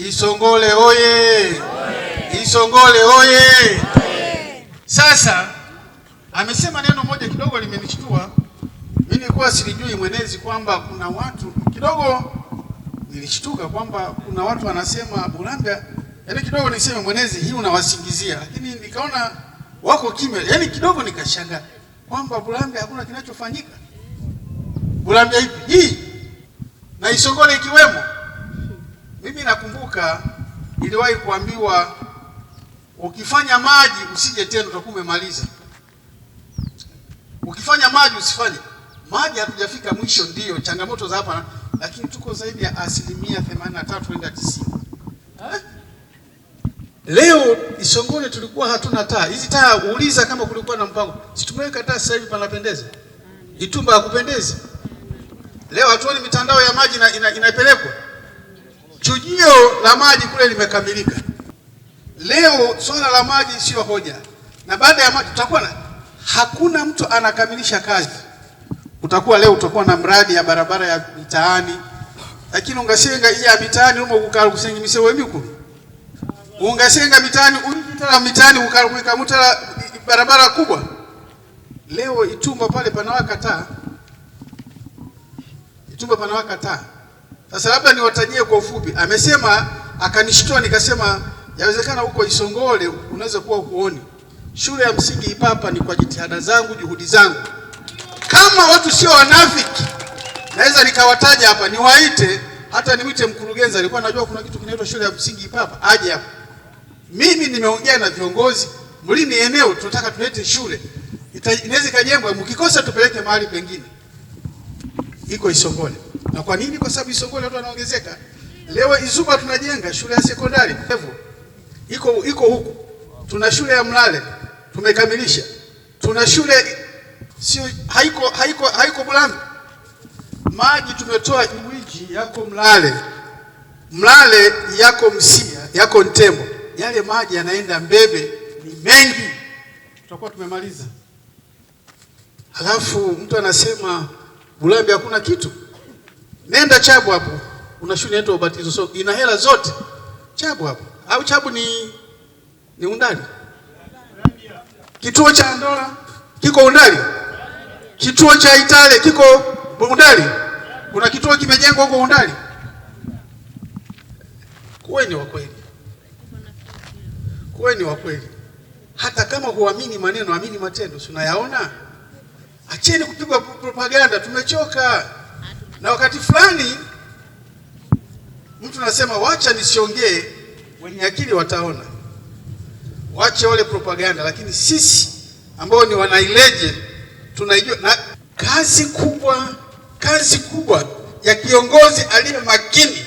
Isongole oye! Isongole oye! Sasa amesema neno moja kidogo limenishtua mimi, nilikuwa silijui mwenezi kwamba kuna watu kidogo nilishtuka kwamba kuna watu wanasema Buranga, yaani kidogo niseme mwenezi, hii unawasingizia, lakini nikaona wako kimya, yaani kidogo nikashangaa kwamba Buranga hakuna kinachofanyika. Buranga ipi hii na Isongole ikiwemo mimi nakumbuka niliwahi kuambiwa ukifanya maji usije tena, utakuwa umemaliza. Ukifanya maji usifanye maji. Hatujafika mwisho, ndiyo changamoto za hapa, lakini tuko zaidi ya asilimia 83 kwenda 90. Eh? Leo Isongole tulikuwa hatuna taa. Hizi taa uuliza kama kulikuwa na mpango, si tumeweka taa sasa hivi panapendeza. Itumba hakupendezi leo, hatuoni mitandao ya maji inapelekwa ina, ina Chujio la maji kule limekamilika. Leo swala la maji sio hoja, na baada ya maji tutakuwa na hakuna mtu anakamilisha kazi. Utakuwa leo utakuwa na mradi ya barabara ya mitaani, lakini ungasenga ya mitaani umo kukala kusengi misewe miku ungasenga mitaani unitala mitaani kukala kuika mutala barabara kubwa. Leo Itumba pale panawaka taa, Itumba panawaka taa sasa labda niwatajie kwa ufupi. Amesema akanishtua, nikasema yawezekana huko Isongole unaweza kuwa huoni. Shule ya msingi Ipapa ni kwa jitihada zangu, juhudi zangu. Kama watu sio wanafiki, naweza nikawataja hapa, niwaite hata niwite mkurugenzi, alikuwa anajua kuna kitu kinaitwa shule ya msingi Ipapa, aje hapa. Mimi nimeongea na viongozi mlini eneo, tunataka tulete shule, inaweza ikajengwa, mkikosa tupeleke mahali pengine iko Isongole. Na kwa nini? Kwa sababu Isongole watu wanaongezeka. Leo Izuba tunajenga shule ya sekondari iko iko huku, tuna shule ya Mlale tumekamilisha, tuna shule sio, haiko haiko haiko Bulangu, maji tumetoa Iwiji, yako Mlale, Mlale yako Msia, yako Ntembo, yale maji yanaenda Mbebe, ni mengi, tutakuwa tumemaliza. Halafu mtu anasema Bulambe hakuna kitu. Nenda Chabu hapo, una shule inaitwa ubatizo, so ina hela zote Chabu hapo. Au Chabu ni ni Undali? Kituo cha Andora kiko Undali, kituo cha Itale kiko Undali, kuna kituo kimejengwa huko Undali. Kuweni wa kweli, kuweni wa kweli. Hata kama huamini maneno, amini matendo, si unayaona. Acheni kupigwa propaganda, tumechoka. Na wakati fulani mtu anasema wacha nisiongee, wenye akili wataona. Wache wale propaganda, lakini sisi ambao ni wanaileje tunaijua, na kazi kubwa, kazi kubwa ya kiongozi aliye makini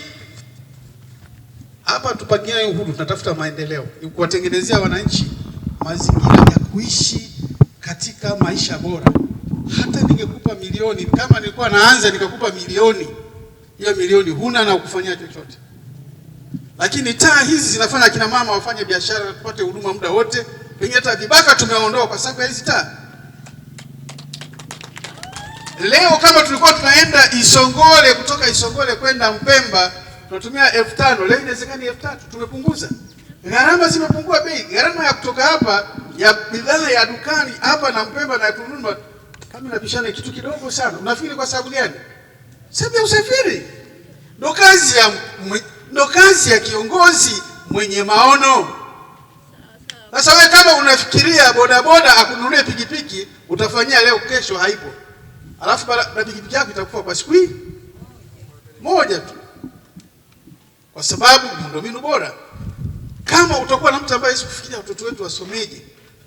hapa. tupangia uhuru, tunatafuta maendeleo, ni kuwatengenezea wananchi mazingira ya kuishi katika maisha bora hata ningekupa milioni, kama nilikuwa naanza nikakupa milioni, hiyo milioni huna na kufanyia chochote. Lakini taa hizi zinafanya akina mama wafanye biashara, tupate huduma muda wote. Pengine hata vibaka tumeondoa kwa sababu ya hizi taa. Leo kama tulikuwa tunaenda Isongole, kutoka Isongole kwenda Mpemba tunatumia elfu tano, leo inawezekana elfu tatu. Tumepunguza gharama, zimepungua bei. Gharama ya kutoka hapa ya bidhaa ya dukani hapa na Mpemba na Kununua kama unabishana kitu kidogo sana, unafikiri kwa sababu gani? Sababu ya usafiri. Ndo kazi ya ndo kazi ya kiongozi mwenye maono. Sasa wewe kama unafikiria bodaboda akununulie pikipiki, utafanyia leo, kesho haipo, alafu na pikipiki yako itakufa kwa siku hii moja tu, kwa sababu miundombinu bora. Kama utakuwa na mtu ambaye sikufikiria watoto wetu wasomeje,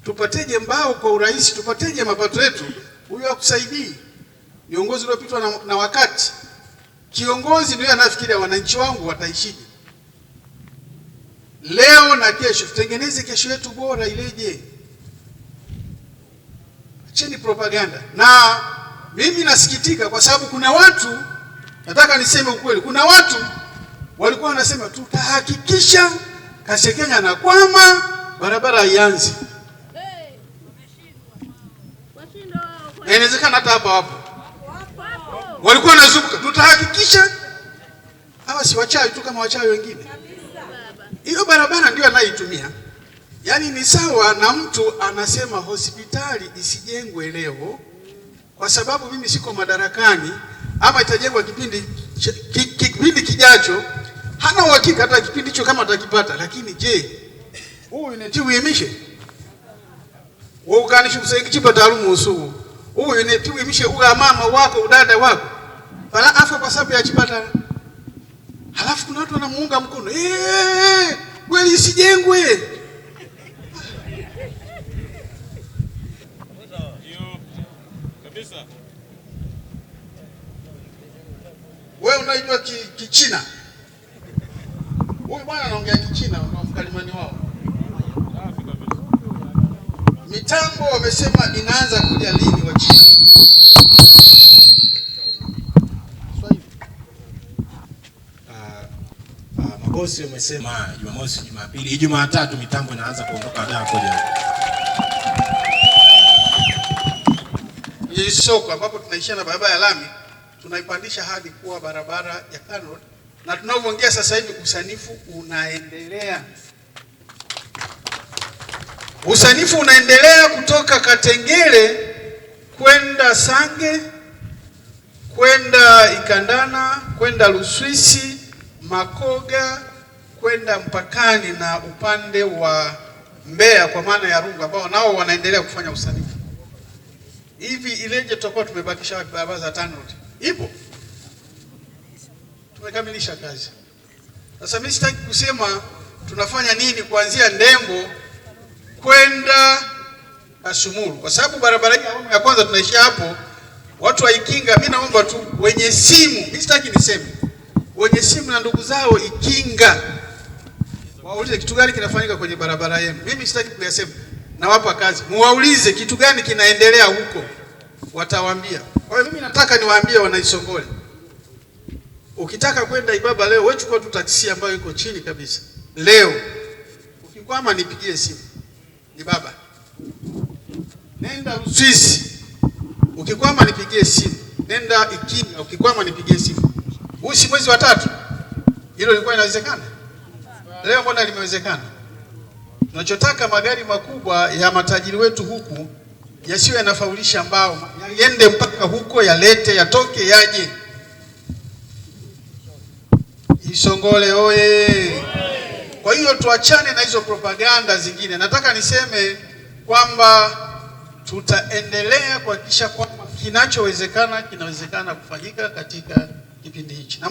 tupateje mbao kwa urahisi, tupateje mapato yetu, huyu hakusaidii, Viongozi uliopitwa na, na wakati. Kiongozi ndiye anafikiria wananchi wangu wataishije leo na kesho, tutengeneze kesho yetu bora ileje. Acheni propaganda. Na mimi nasikitika kwa sababu kuna watu, nataka niseme ukweli, kuna watu walikuwa wanasema tutahakikisha Kasekenya kwama barabara haianzi na inawezekana hata hapa wapo, walikuwa wanazunguka. Tutahakikisha hawa si wachawi tu kama wachawi wengine. Hiyo barabara ndio anaitumia, yaani ni sawa na mtu anasema hospitali isijengwe leo kwa sababu mimi siko madarakani, ama itajengwa kipindi kipindi kijacho. Hana uhakika hata kipindi hicho kama atakipata, lakini je, huyu ni timu imishe waukanisha taalumu usuu huyu nituimishe uga mama wako udada wako fala afa kwa sababu ya chipatala. Halafu kuna watu wanamuunga mkono kweli, isijengwe wewe unaijua Kichina ki huyu bwana anaongea Kichina, mkalimani wao Mitambo wamesema inaanza kuja lini wa Wachina? Ah, ah, mabosi wamesema Jumamosi, Jumapili, Jumatatu mitambo inaanza kuondoka Dar kuja Isoko ambapo tunaishia na barabara ya lami tunaipandisha hadi kuwa barabara ya Kano, na tunavyoongea sasa hivi usanifu unaendelea. Usanifu unaendelea kutoka Katengele kwenda Sange kwenda Ikandana kwenda Luswisi Makoga kwenda mpakani na upande wa Mbeya kwa maana ya Rungu, ambao nao wanaendelea kufanya usanifu. Hivi Ileje tutakuwa tumebakisha wapi? Barabara za TANROADS ipo, tumekamilisha kazi. Sasa mimi sitaki kusema tunafanya nini kuanzia Ndembo kwenda Kasumulu, kwa sababu barabara hii awamu ya kwanza tunaishia hapo. Watu wa Ikinga, mimi naomba tu wenye simu, mimi sitaki niseme, wenye simu na ndugu zao Ikinga waulize kitu gani kinafanyika kwenye barabara yenu. Mimi sitaki kuyasema, nawapa kazi, muwaulize kitu gani kinaendelea huko, watawaambia. Kwa hiyo mimi nataka niwaambie wanaisongole, ukitaka kwenda Ibaba leo, wewe chukua tu taksi ambayo iko chini kabisa leo, ukikwama nipigie simu ni baba. Nenda Uswisi, ukikwama nipigie simu. Nenda Ikinga, ukikwama nipigie simu. si mwezi wa tatu, hilo lilikuwa inawezekana? Leo mbona limewezekana? Tunachotaka magari makubwa ya matajiri wetu huku yasiwe yanafaulisha mbao, yende mpaka huko, yalete, yatoke, yaje Isongole oye! hiyo tuachane na hizo propaganda zingine. Nataka niseme kwamba tutaendelea kuhakikisha kwamba kinachowezekana kinawezekana kufanyika katika kipindi hichi.